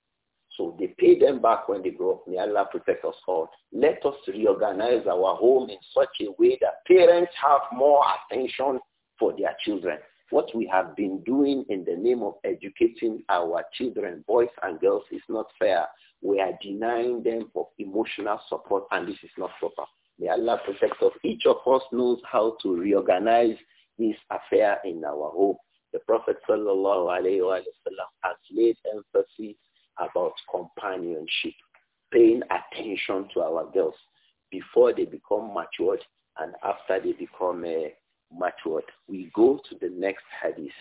So they pay them back when they grow up. May Allah protect us all. Let us reorganize our home in such a way that parents have more attention for their children. What we have been doing in the name of educating our children, boys and girls, is not fair. We are denying them of emotional support, and this is not proper. May Allah protect us. Each of us knows how to reorganize this affair in our home. The Prophet sallallahu alayhi wa sallam has laid emphasis about companionship, paying attention to our girls before they become matured and after they become uh, matured. We go to the next hadith.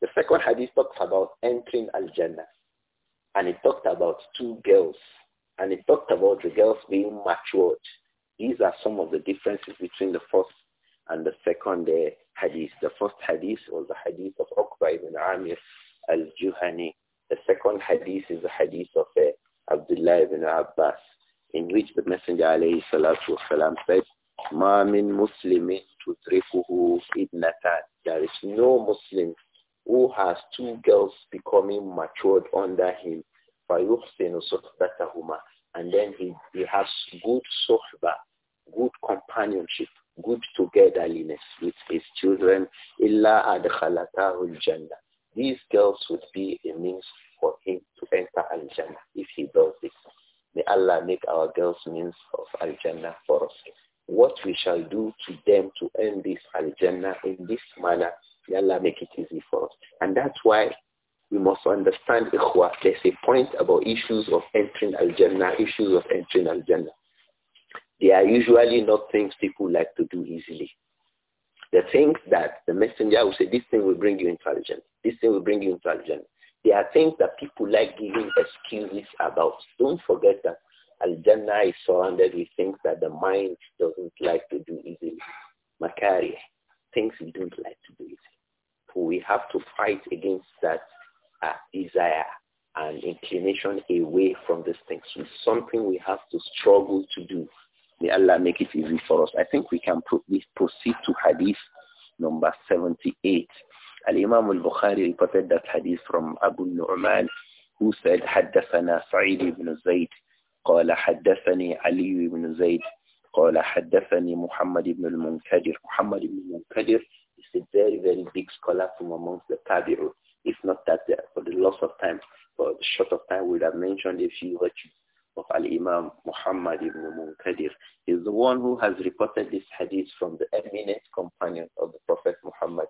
The second hadith talks about entering Al-Jannah. And it talked about two girls. And it talked about the girls being matured. These are some of the differences between the first and the second uh, hadith. The first hadith was the hadith of Uqba ibn Amir al-Juhani. The second hadith is the hadith of uh, Abdullah ibn Abbas, in which the Messenger alayhi salatu wasalam said, مَا مِن مُسْلِمٍ تُتْرِكُهُ إِبْنَتَانِ There is no Muslim who has two girls becoming matured under him. فَيُحْسِنُ صُحْبَتَهُمَا And then he, he has good sohba, good companionship, good togetherliness with his children. إِلَّا أَدْخَلَتَهُ الْجَنَّةِ These girls would be a means for him to enter Al-Jannah if he does this. May Allah make our girls means of Al-Jannah for us what we shall do to them to end this al in this manner. May Allah make it easy for us. And that's why we must understand, ikhwa, there's a point about issues of entering al issues of entering al They are usually not things people like to do easily. The things that the messenger will say, this thing will bring you into This thing will bring you into There are things that people like giving excuses about. Don't forget that Al-Jannah is surrounded with things that the mind doesn't like to do easily. Makari, things we don't like to do easily. So we have to fight against that uh, desire and inclination away from these things. It's something we have to struggle to do. May Allah make it easy for us. I think we can pro- proceed to hadith number 78. Al-Imam al-Bukhari reported that hadith from Abu Nu'man who said, حدثنا سعيد بن زيد قال حدثني علي بن زيد قال حدثني محمد بن المنكدر محمد بن المنكدر is a very very big scholar from amongst the Tabi'u if not that uh, for the loss of time for the short of time we would have mentioned a few virtues of Al-Imam Muhammad ibn Munkadir is the one who has reported this hadith from the eminent companion of the Prophet Muhammad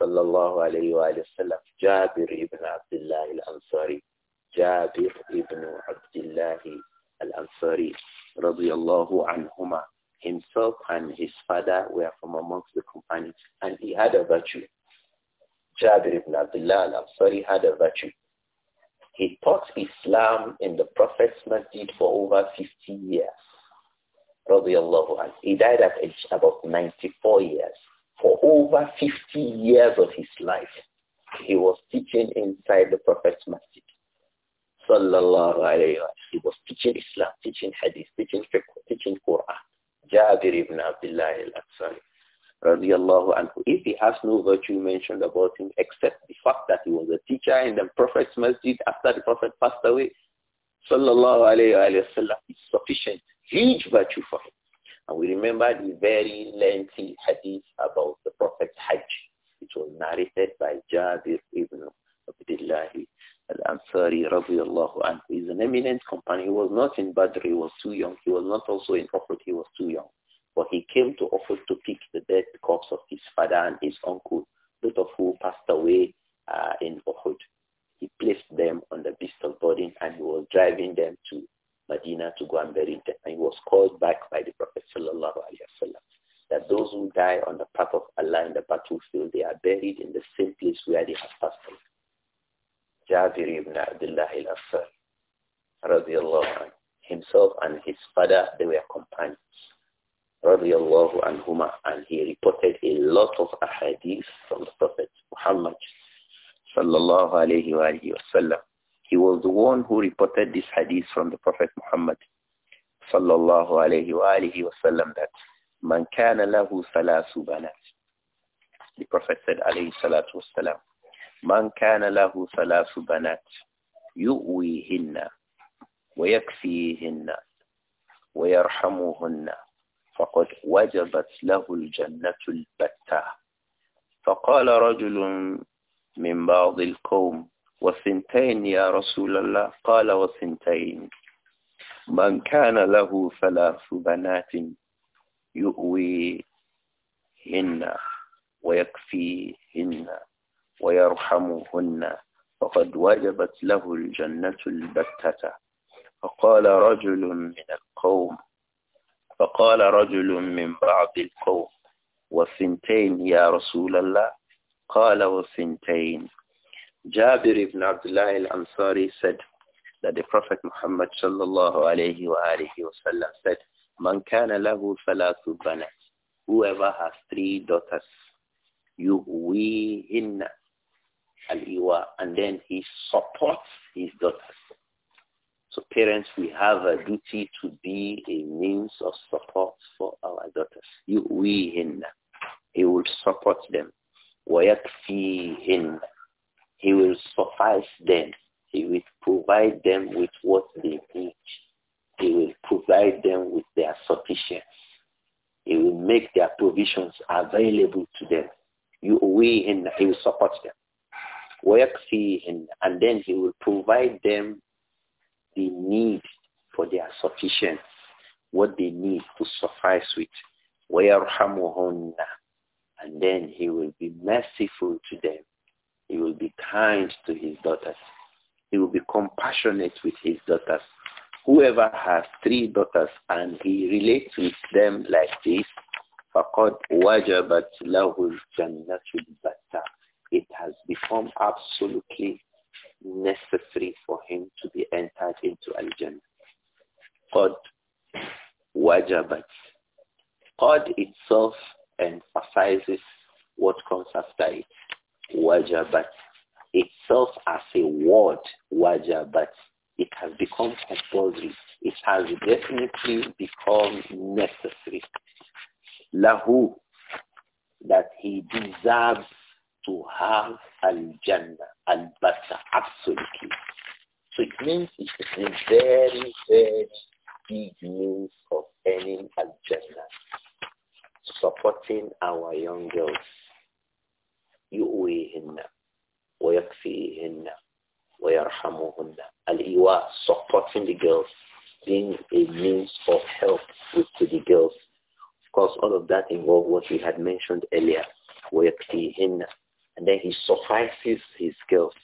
sallallahu alayhi wa sallam, Jabir ibn Abdullah al-Ansari. Jabir ibn Abdullah al-Ansari radiallahu anhuma. Himself and his father were from amongst the companions and he had a virtue. Jabir ibn Abdullah al-Ansari had a virtue. He taught Islam in the Prophet's Masjid for over 50 years. Radiallahu anhu. He died at age about 94 years. For over 50 years of his life, he was teaching inside the Prophet's Masjid sallallahu alayhi wa He was teaching Islam, teaching Hadith, teaching fiqh, teaching Quran. Jabir ibn Abdullah al-Ansari radiallahu anhu. If he has no virtue mentioned about him except the fact that he was a teacher in the Prophet's masjid after the Prophet passed away, sallallahu alayhi wa sallam, is sufficient, huge virtue for him. And we remember the very lengthy hadith about the Prophet's Hajj. It was narrated by Jabir ibn Abdullah Al-Ansari radiallahu anhu is an eminent companion. He was not in Badr, he was too young. He was not also in Uhud, he was too young. But he came to Uhud to pick the dead corpse of his father and his uncle, both of who passed away uh, in Uhud. He placed them on the beast of burden and he was driving them to Medina to go and bury them. And he was called back by the Prophet sallallahu alaihi wasallam that those who die on the path of Allah in the battlefield, they are buried in the same place where they have passed away. Jabir ibn Abdullah al-Ansar, radiallahu anhu. Himself and his father, they were companions, radiallahu anhuma, and he reported a lot of ahadith from the Prophet Muhammad, sallallahu alayhi wa, alayhi He was the one who reported this hadith from the Prophet Muhammad, sallallahu alayhi wa, alayhi that man kana lahu salasu banat. The Prophet said, alayhi salatu wasalam, من كان له ثلاث بنات يؤويهن ويكفيهن ويرحمهن فقد وجبت له الجنة البتة فقال رجل من بعض القوم وثنتين يا رسول الله قال وثنتين من كان له ثلاث بنات يؤويهن ويكفيهن ويرحمهن فقد وجبت له الجنة البتة فقال رجل من القوم فقال رجل من بعض القوم وَسِنْتَيْنِ يا رسول الله قال وَسِنْتَيْنِ جَابِرِ بْنِ عَبْدِ اللَّهِ ansari said that the Prophet Muhammad صلى الله عليه alihi wasallam said, Man kana lahu thalathu banat. Whoever has three daughters, you yuhwihinna al and then he supports his daughters. So parents, we have a duty to be a means of support for our daughters. You, we, him. He will support them. him. He will suffice them. He will provide them with what they need. He will provide them with their sufficiency. He will make their provisions available to them. You, we, him. He will support them. وَيَكْفِيهِنْ And then he will provide them the need for their sufficiency, what they need to suffice with. وَيَرْحَمُهُنَّ And then he will be merciful to them. He will be kind to his daughters. He will be compassionate with his daughters. Whoever has three daughters and he relates with them like this, فَقَدْ وَجَبَتْ لَهُ الْجَنَّةُ الْبَتَّةُ it has become absolutely necessary for him to be entered into Al-Jannah. Qad wajabat. Qad itself emphasizes what comes after it. Wajabat. Itself as a word, wajabat. It has become compulsory. It has definitely become necessary. Lahu, that he deserves to have al-jannah, al-basa, absolutely. So it means it's a very, very big means of earning al-jannah, supporting our young girls. يؤويهن ويكفيهن ويرحمهن الإيواء supporting the girls being a means of help to the girls of course all of that involves what we had mentioned earlier ويكفيهن sacrifices his girls.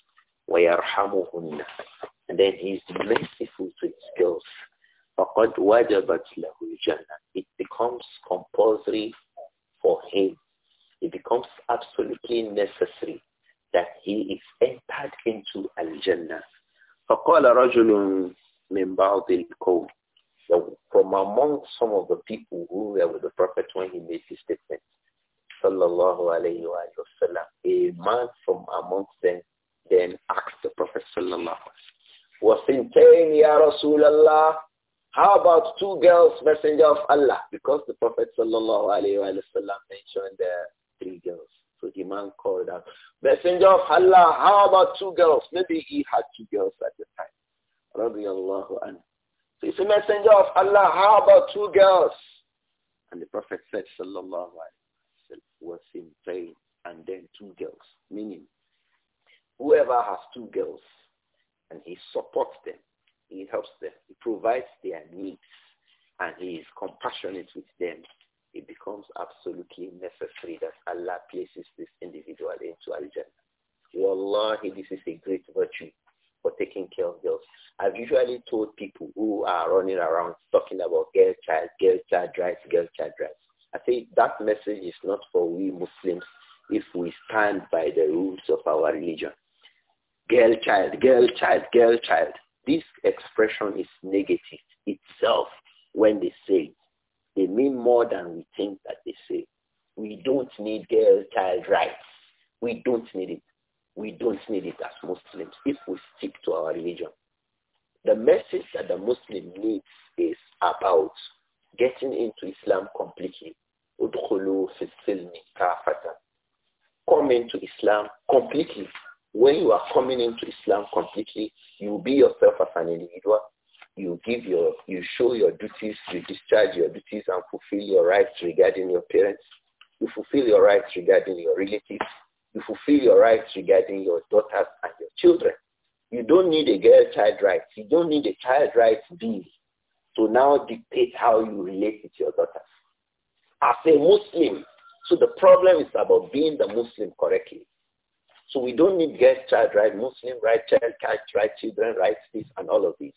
وَيَرْحَمُهُنَّ And then he is merciful to his girls. فَقَدْ وَجَبَتْ لَهُ الْجَنَّةِ It becomes compulsory for him. It becomes absolutely necessary that he is entered into Al-Jannah. فَقَالَ رَجُلٌ مِنْ بَعْضِ الْقَوْمِ From among some of the people two girls, messenger of Allah, because the Prophet sallallahu alayhi wa mentioned the three girls. So the man called out, messenger of Allah, how about two girls? Maybe he had two girls at the time. So he said, messenger of Allah, how about two girls? Islam completely. Come into Islam completely. When you are coming into Islam completely, you be yourself as an individual. You give your, you show your duties, you discharge your duties and fulfill your rights regarding your parents. You fulfill your rights regarding your relatives. You fulfill your rights regarding your daughters and your children. You don't need a girl child rights. You don't need a child rights bill to now dictate how you relate with your daughters. As a Muslim, so the problem is about being the Muslim correctly. So we don't need get child right, Muslim right, child catch right, children rights, this and all of these.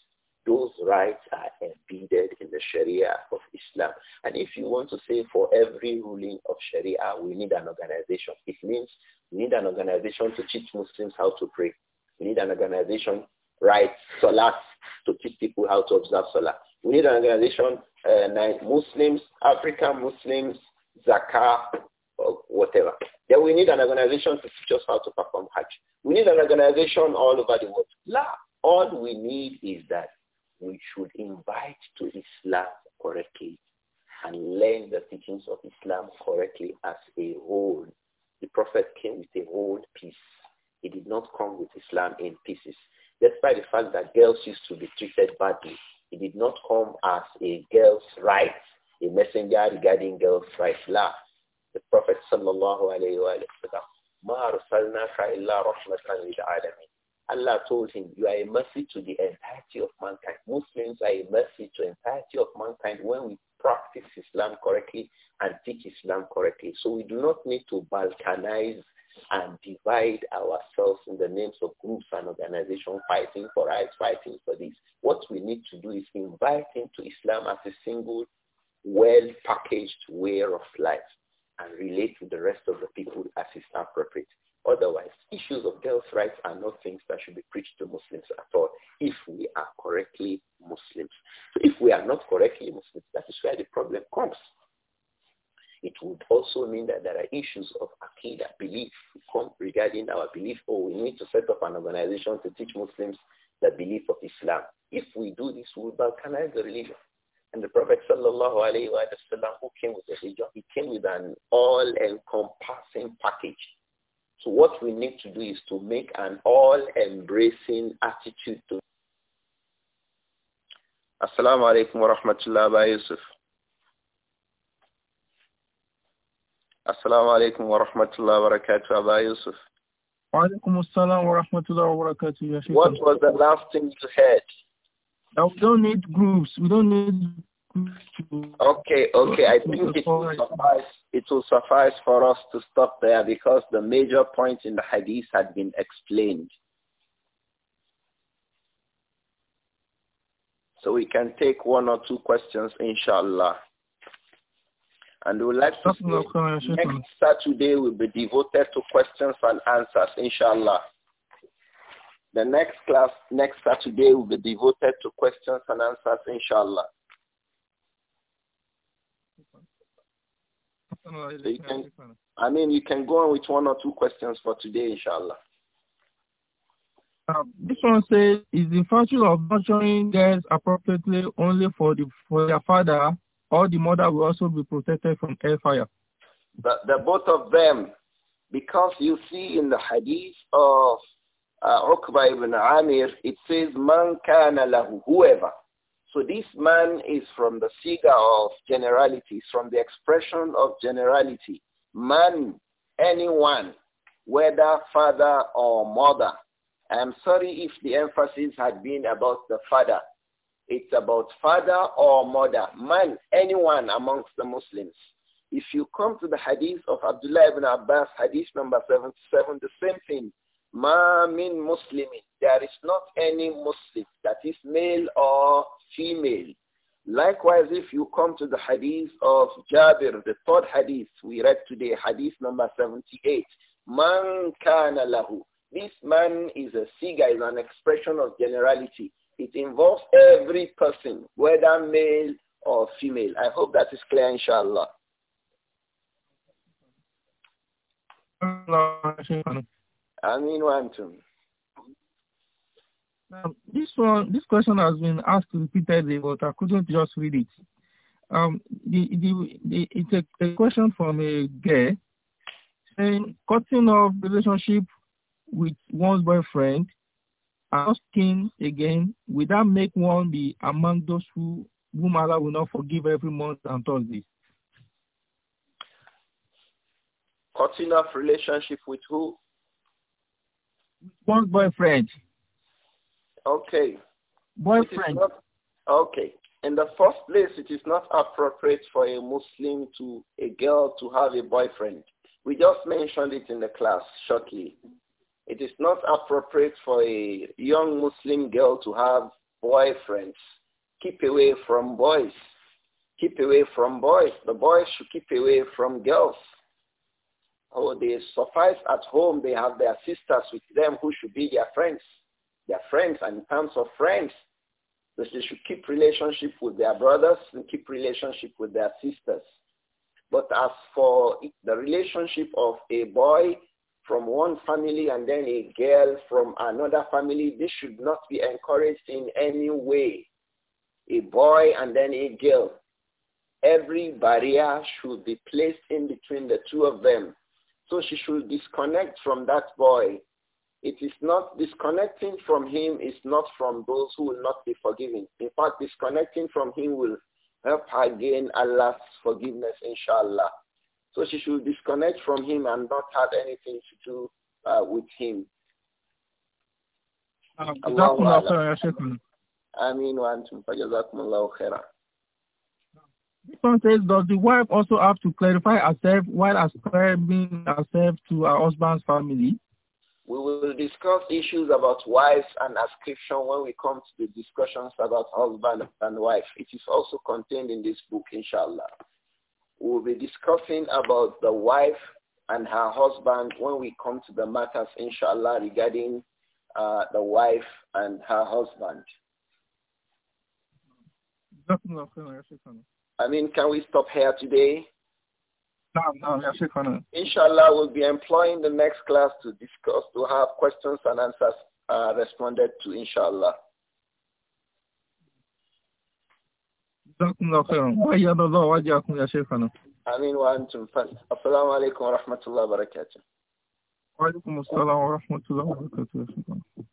Those rights are embedded in the Sharia of Islam. And if you want to say for every ruling of Sharia, we need an organization. It means we need an organization to teach Muslims how to pray. We need an organization, right, salat, to teach people how to observe Salah. We need an organization, uh, Muslims, African Muslims, Zakah, or whatever. Then we need an organization to teach us how to perform Hajj. We need an organization all over the world. La, all we need is that we should invite to Islam correctly and learn the teachings of Islam correctly as a whole. The Prophet came with a whole piece. He did not come with Islam in pieces despite the fact that girls used to be treated badly, it did not come as a girl's right, a messenger regarding girls' rights. La, the Prophet sallallahu alayhi wa sallam, Allah told him, you are a mercy to the entirety of mankind. Muslims are a mercy to entirety of mankind when we practice Islam correctly and teach Islam correctly. So we do not need to balkanize and divide ourselves in the names of groups and organizations fighting for rights, fighting for this. What we need to do is invite into Islam as a single, well-packaged way of life and relate to the rest of the people as is appropriate. Otherwise, issues of girls' rights are not things that should be preached to Muslims at all if we are correctly Muslims. So if we are not correctly Muslims, that is where the problem comes it would also mean that there are issues of akida, belief, regarding our belief, oh, we need to set up an organization to teach Muslims the belief of Islam. If we do this, we will balkanize the religion. And the Prophet sallallahu alayhi wa sallam, who came with the religion, he came with an all-encompassing package. So what we need to do is to make an all-embracing attitude to... Assalamu alaikum wa rahmatullahi wa السلام عليكم ورحمة الله وبركاته أبا يوسف وعليكم السلام ورحمة الله وبركاته يا What was the last thing you heard? No, we don't need groups. We don't need groups. Okay, okay. I think it will suffice. It will suffice for us to stop there because the major point in the hadith had been explained. So we can take one or two questions, inshallah. And we would like to say next Saturday will be devoted to questions and answers, inshallah. The next class next Saturday will be devoted to questions and answers, inshallah. So you can, I mean, you can go on with one or two questions for today, inshallah. Um, this one says, is the function of nurturing girls appropriately only for the for their father or the mother will also be protected from hellfire. fire. the both of them, because you see in the hadith of uh, Uqba ibn Amir, it says, man kana lahu, whoever. So this man is from the siga of generality, from the expression of generality. Man, anyone, whether father or mother. I'm sorry if the emphasis had been about the father, it's about father or mother, man, anyone amongst the Muslims. If you come to the hadith of Abdullah ibn Abbas, hadith number 77, the same thing. Ma min muslimin. There is not any Muslim that is male or female. Likewise, if you come to the hadith of Jabir, the third hadith we read today, hadith number 78, man kana lahu. This man is a siga, is an expression of generality. It involves every person, whether male or female. I hope that is clear, inshallah. I Um, this one, this question has been asked repeatedly, but I couldn't just read it. Um, the, the, the, it's a, a, question from a gay, saying cutting off relationship with one's boyfriend asking again, will that make one be among those who whom Allah will not forgive every month and this? Cutting off relationship with who? One boyfriend. Okay. Boyfriend. Not, okay. In the first place, it is not appropriate for a Muslim to, a girl to have a boyfriend. We just mentioned it in the class shortly. It is not appropriate for a young Muslim girl to have boyfriends. Keep away from boys. Keep away from boys. The boys should keep away from girls. Oh, they suffice at home. They have their sisters with them who should be their friends. Their friends and in terms of friends. They should keep relationship with their brothers and keep relationship with their sisters. But as for the relationship of a boy from one family and then a girl from another family, this should not be encouraged in any way. A boy and then a girl. Every barrier should be placed in between the two of them. So she should disconnect from that boy. It is not disconnecting from him is not from those who will not be forgiven. In fact, disconnecting from him will help her gain Allah's forgiveness, inshallah. So she should disconnect from him and not have anything to do uh, with him. This one says, does the wife also have to clarify herself while ascribing herself to her husband's family? We will discuss issues about wives and ascription when we come to the discussions about husband and wife. It is also contained in this book, inshallah. We'll be discussing about the wife and her husband when we come to the matters, inshallah, regarding uh, the wife and her husband. I mean, can we stop here today? No, no, Inshallah, we'll be employing the next class to discuss, to have questions and answers uh, responded to, inshallah. جزاكم الله خيرا وأيد الله وجهكم يا شيخنا آمين وأنتم السلام عليكم ورحمة الله وبركاته وعليكم السلام ورحمة الله وبركاته يا شيخنا